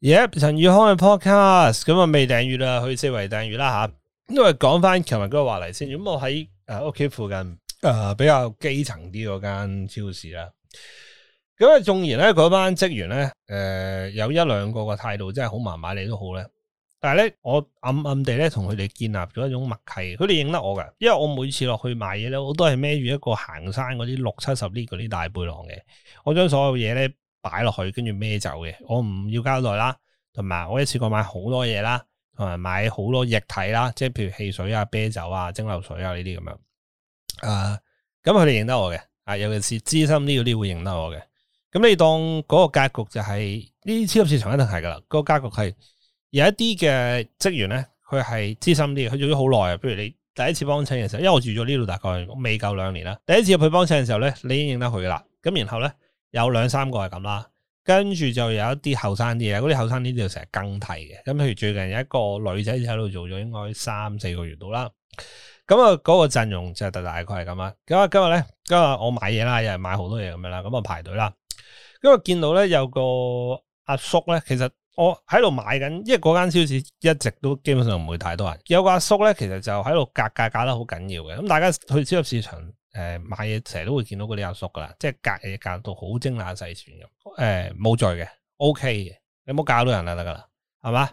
耶！陳宇康嘅 podcast，咁啊未訂閱啦，去四圍訂閱啦吓。因為講翻琴日嗰個話題先，咁我喺誒屋企附近誒、呃、比較基層啲嗰間超市啦。咁啊，縱然咧嗰班職員咧，誒、呃、有一兩個個態度真係好麻麻哋都好咧。但係咧，我暗暗地咧同佢哋建立咗一種默契，佢哋認得我噶。因為我每次落去買嘢咧，我都係孭住一個行山嗰啲六七十 lift 嗰啲大背囊嘅，我將所有嘢咧。擺落去，跟住孭走嘅。我唔要膠袋啦，同埋我一次過買好多嘢啦，同埋買好多液體啦，即係譬如汽水啊、啤酒啊、蒸餾水啊呢啲咁樣。誒，咁佢哋認得我嘅，啊，尤其是資深啲嗰啲會認得我嘅。咁你當嗰個格局就係呢啲超級市場一定係噶啦。個格局係有一啲嘅職員咧，佢係資深啲，佢做咗好耐啊。譬如你第一次幫襯嘅時候，因為我住咗呢度大概未夠兩年啦，第一次入去幫襯嘅時候咧，你已經認得佢啦。咁然後咧。有兩三個係咁啦，跟住就有一啲後生啲嘢。嗰啲後生啲就成日更替嘅。咁譬如最近有一個女仔喺度做咗，應該三四個月到啦。咁啊，嗰個陣容就大大概係咁啊。今日今日咧，今日我買嘢啦，又係買好多嘢咁樣啦。咁啊排隊啦，咁啊見到咧，有個阿叔咧，其實我喺度買緊，因為嗰間超市一直都基本上唔會太多人。有個阿叔咧，其實就喺度格價，格得好緊要嘅。咁大家去超級市場，誒、嗯，買嘢成日都會見到嗰啲阿叔噶啦，即係夾嘢夾到好精打細算咁。誒、呃，冇罪嘅，OK 嘅，你冇搞到人啦得噶啦，係嘛？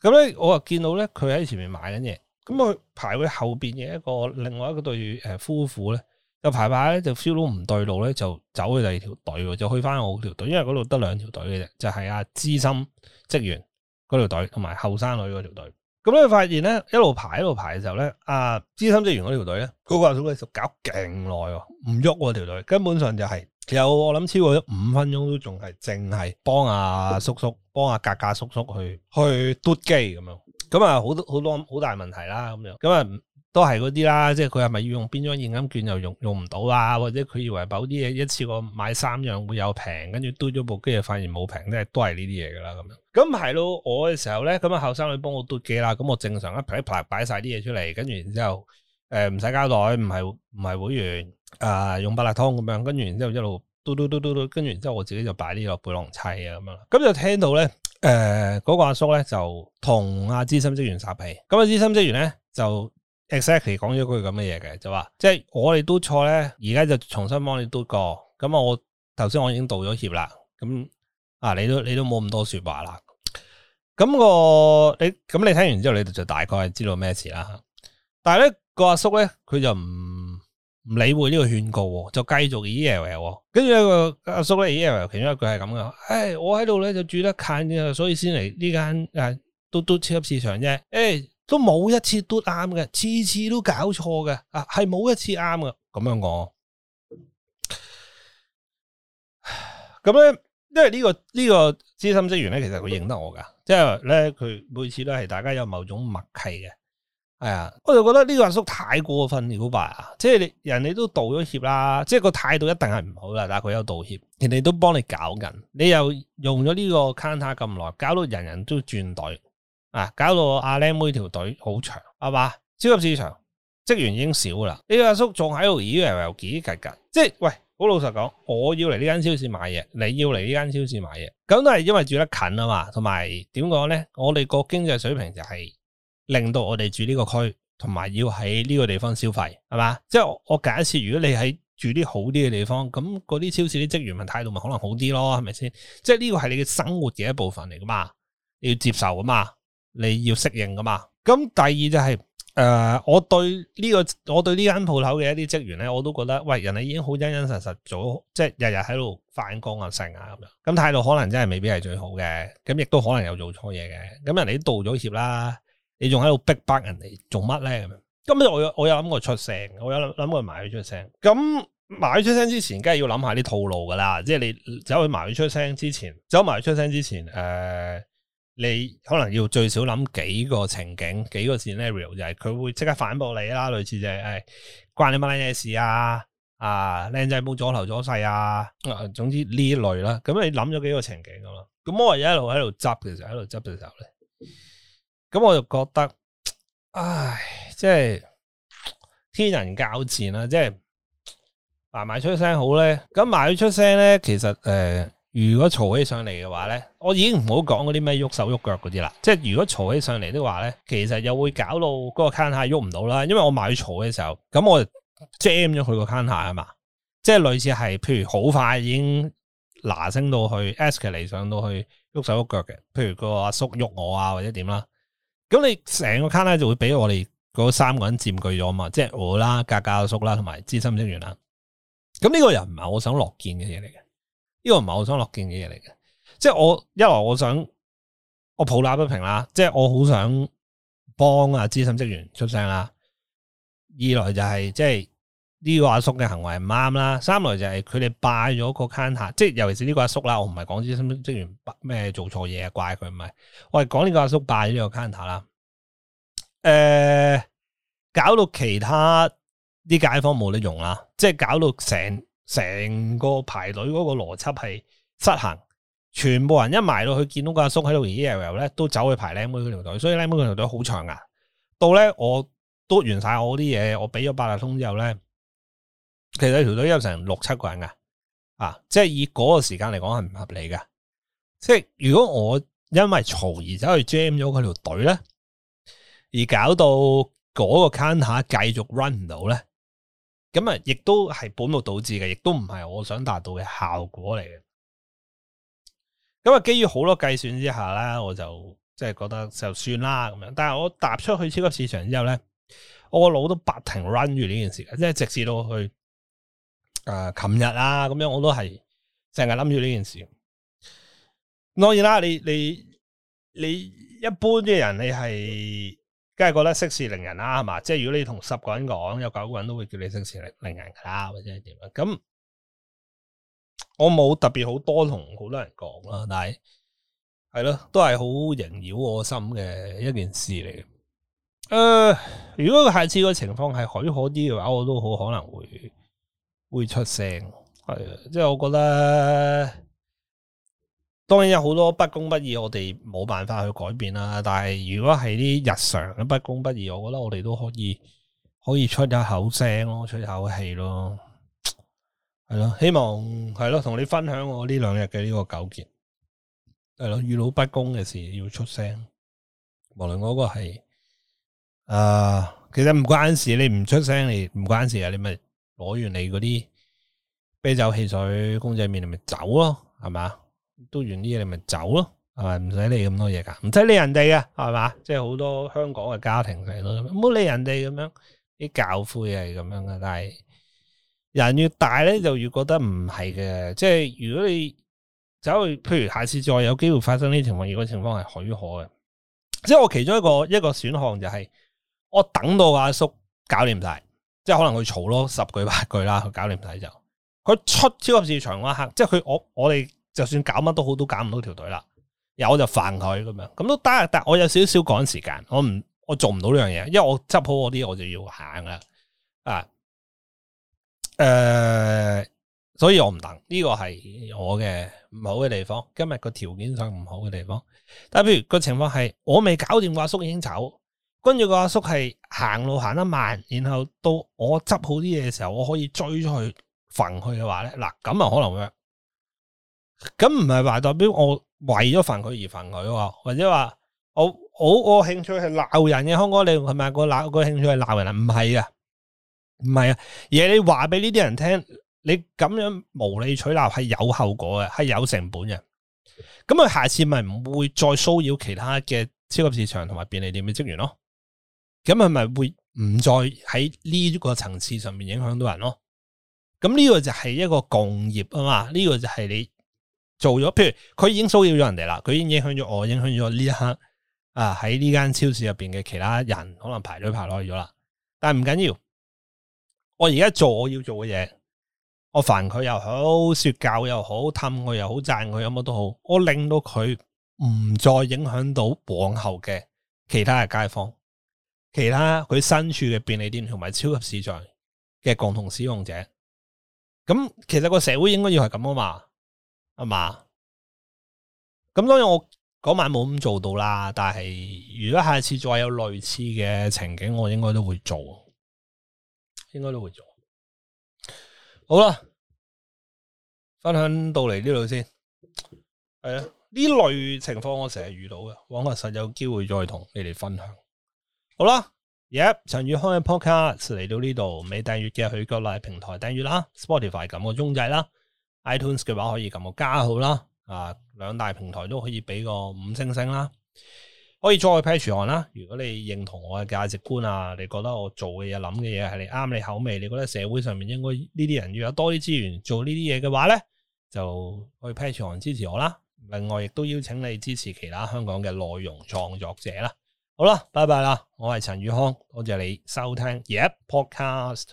咁、嗯、咧，我啊見到咧，佢喺前面買緊嘢，咁佢排喺後邊嘅一個另外一個對誒夫婦咧，就排排咧就 feel 到唔對路咧，就走去第二條隊，就去翻我條隊，因為嗰度得兩條隊嘅啫，就係阿資深職員嗰條隊，同埋後生女嗰條隊。咁你發現咧，一路排一路排嘅時候咧，阿、啊、資深職員嗰條隊咧，嗰個阿叔搞勁耐喎，唔喐喎條隊，根本上就係、是、其實我諗超過咗五分鐘都仲係淨係幫阿、啊、叔叔、嗯、幫阿、啊、格格叔叔去、嗯、去嘟機咁樣，咁啊好多好多好大問題啦咁樣，咁啊都係嗰啲啦，即係佢係咪要用邊張現金券又用用唔到啊？或者佢以為某啲嘢一次過買三樣會有平，跟住嘟咗部機又發現冇平，即係都係呢啲嘢噶啦咁樣。咁係咯，我嘅時候咧，咁啊後生女幫我嘟機啦，咁我正常一排排擺晒啲嘢出嚟，跟住然之後誒唔使膠袋，唔係唔係會員啊、呃、用八達通咁樣，跟住然之後一路嘟嘟嘟嘟嘟。跟住然之後我自己就擺呢個背囊砌啊咁樣，咁就聽到咧誒嗰個阿叔咧就同阿資深職員撒皮，咁阿資深職員咧就 exactly 講咗句咁嘅嘢嘅，就話即係我哋嘟錯咧，而家就重新幫你嘟過，咁我頭先我已經道咗歉啦，咁啊你都你都冇咁多說話啦。咁、那個你咁你聽完之後，你就大概係知道咩事啦。但係咧、那個阿叔咧，佢就唔唔理會呢個勸告，就繼續嘅 yellow，跟住個阿叔咧 yellow 其中一句係咁嘅：，誒、哎，我喺度咧就住得近嘅，所以先嚟呢間誒 do do 超級市場啫。誒、欸，都冇一次都啱嘅，次次都搞錯嘅。啊，係冇一次啱嘅。咁樣講，咁咧因為、這個這個、資深資呢個呢個資深職員咧，其實佢認得我噶。即係咧，佢每次都係大家有某種默契嘅，係啊，我就覺得呢個阿叔太過分了吧？即係你人哋都道咗歉啦，即係個態度一定係唔好啦，但係佢有道歉，人哋都幫你搞緊，你又用咗呢個 counter 咁耐，搞到人人都轉隊啊，搞到阿靚妹條隊好長，係嘛？超級市場職員已經少啦，呢個阿叔仲喺度咦嚟，又擠緊，即係喂。好老實講，我要嚟呢間超市買嘢，你要嚟呢間超市買嘢，咁都係因為住得近啊嘛，同埋點講咧？我哋個經濟水平就係令到我哋住呢個區，同埋要喺呢個地方消費，係嘛？即係我，我假設，如果你喺住啲好啲嘅地方，咁嗰啲超市啲職員嘅態度咪可能好啲咯？係咪先？即係呢個係你嘅生活嘅一部分嚟噶嘛？你要接受噶嘛？你要適應噶嘛？咁第二就係。誒、呃，我對呢、這個我對呢間鋪頭嘅一啲職員咧，我都覺得喂，人哋已經好殷殷實實做，即係日日喺度翻工啊，成呀咁樣，咁態度可能真係未必係最好嘅，咁亦都可能有做錯嘢嘅，咁人哋都道咗歉啦，你仲喺度逼迫人哋做乜咧咁樣？咁我，我有我有諗過出聲，我有諗過埋佢出聲。咁埋佢出聲之前，梗係要諗下啲套路㗎啦，即係你走去埋佢出聲之前，走埋佢出聲之前，誒、呃。你可能要最少諗幾個情景，幾個 scenario，就係佢會即刻反駁你啦，類似就係、是，誒、哎，關你乜嘢事啊？啊，靚仔冇左頭左勢啊？總之呢一類啦。咁你諗咗幾個情景㗎喇。咁我一路喺度執，其實喺度執嘅時候咧，咁我就覺得，唉，即係天人交戰啦，即係賣唔出聲好咧。咁賣出聲咧，其實誒。呃如果嘈起上嚟嘅話咧，我已經唔好講嗰啲咩喐手喐腳嗰啲啦。即係如果嘈起上嚟的話咧，其實又會搞到嗰個 c 下喐唔到啦。因為我買嘈嘅時候，咁我即係 m 咗佢個 c 下係嘛，即、就、係、是、類似係譬如好快已經拿升到去 escalate 上到去喐手喐腳嘅。譬如個阿叔喐我啊，或者點啦，咁你成個 c o 就會俾我哋嗰三個人佔據咗啊嘛。即係我啦、格格叔啦，同埋知深職員啦。咁呢個人唔係我想落見嘅嘢嚟嘅。呢、這個唔係我想樂見嘅嘢嚟嘅，即係我一來我想我抱打不平啦，即係我好想幫啊資深職員出聲啦。二來就係、是、即係呢、這個阿叔嘅行為唔啱啦。三來就係佢哋霸咗個 counter，即係尤其是呢個阿叔啦。我唔係講資深職員咩做錯嘢啊，怪佢唔係，我係講呢個阿叔霸咗呢個 counter 啦。誒、呃，搞到其他啲街坊冇得用啦，即係搞到成。成個排隊嗰個邏輯係失衡，全部人一埋到去見到個阿叔喺度搖搖咧，都走去排靚妹嗰條隊，所以靚妹嗰條隊好長啊。到咧我篤完晒我啲嘢，我俾咗八達通之後咧，其實條隊有成六七個人噶。啊，即係以嗰個時間嚟講係唔合理噶。即係如果我因為嘈而走去 jam 咗佢條隊咧，而搞到嗰個 counter 繼續 run 唔到咧。咁啊，亦都係本末倒置嘅，亦都唔係我想達到嘅效果嚟嘅。咁啊，基於好多計算之下啦，我就即係覺得就算啦咁樣。但係我踏出去超級市場之後咧，我個腦都不停 run 住呢件事，即係直至到去誒，琴日啊咁樣，我都係淨係諗住呢件事。當然啦，你你你一般啲人你，你係。梗係覺得息事寧人啦，係嘛？即係如果你同十個人講，有九個人都會叫你息事寧人噶啦，或者係點樣？咁我冇特別好多同好多人講啦，啊，但係係咯，都係好縈繞我心嘅一件事嚟嘅。誒、呃，如果下次個情況係許可啲嘅話，我都好可能會會出聲。係啊，即係我覺得。當然有好多不公不義，我哋冇辦法去改變啦。但係如果係啲日常嘅不公不義，我覺得我哋都可以可以出一口聲咯，出一口氣咯，係咯。希望係咯，同你分享我呢兩日嘅呢個糾結，係咯，遇到不公嘅事要出聲，無論嗰個係，啊、呃，其實唔關事，你唔出聲，你唔關事啊，你咪攞完你嗰啲啤酒汽水、公仔麵，你咪走咯，係嘛？都完啲嘢，你咪走咯，係咪？唔使理咁多嘢噶，唔使理人哋㗎，係嘛？即係好多香港嘅家庭嚟咯，唔好理人哋咁樣，啲教父係咁樣㗎。但係人越大咧，就越覺得唔係嘅。即係如果你走去，譬如下次再有機會發生呢情況，如果情況係許可嘅，即係我其中一個一個選項就係我等到阿叔搞掂唔晒，即係可能佢吵咯十句八句啦，佢搞掂唔晒就佢出超級市場嗰一刻，即係佢我我哋。我就算搞乜都好，都搞唔到條隊啦。有就煩佢咁樣，咁都得。但我有少少趕時間，我唔我做唔到呢樣嘢，因為我執好我啲我就要行啦。啊，誒、呃，所以我唔等，呢個係我嘅唔好嘅地方，今日個條件上唔好嘅地方。但係譬如個情況係，我未搞掂個阿叔已經走，跟住個阿叔係行路行得慢，然後到我執好啲嘢嘅時候，我可以追出去，煩去嘅話咧，嗱咁啊就可能會。咁唔係話代表我為咗煩佢而煩佢，或者話我我我興趣係鬧人嘅，康哥，你係咪、嗰個鬧、嗰個興趣係鬧人啊？唔係啊，唔係啊，而你話俾呢啲人聽，你咁樣無理取鬧係有後果嘅，係有成本嘅。咁佢下次咪唔會再騷擾其他嘅超級市場同埋便利店嘅職員咯？咁係咪會唔再喺呢個層次上面影響到人咯？咁呢個就係一個共業啊嘛，呢、這個就係你。做咗，譬如佢已經騷擾咗人哋啦，佢已經影響咗我，影響咗呢一刻啊！喺呢間超市入邊嘅其他人，可能排隊排落去咗啦。但係唔緊要，我而家做我要做嘅嘢，我煩佢又好，說教又好，氹佢又好，讚佢有乜都好，我令到佢唔再影響到往後嘅其他嘅街坊，其他佢身處嘅便利店同埋超級市場嘅共同使用者。咁其實個社會應該要係咁啊嘛。啊嘛，咁當然我嗰晚冇咁做到啦，但係如果下次再有類似嘅情景，我應該都會做，應該都會做。好啦，分享到嚟呢度先。係啊，呢類情況我成日遇到嘅，我確實有機會再同你哋分享。好啦，耶！陳宇康嘅 podcast 嚟到呢度，未訂閱嘅去國內平台訂閱啦，Spotify 咁嘅鐘仔啦。iTunes 嘅話可以撳個加號啦，啊兩大平台都可以俾個五星星啦，可以再去 Patreon 啦。如果你認同我嘅價值觀啊，你覺得我做嘅嘢諗嘅嘢係你啱你口味，你覺得社會上面應該呢啲人要有多啲資源做呢啲嘢嘅話咧，就去 Patreon 支持我啦。另外亦都邀請你支持其他香港嘅內容創作者啦。好啦，拜拜啦，我係陳宇康，多謝你收聽 Yep Podcast。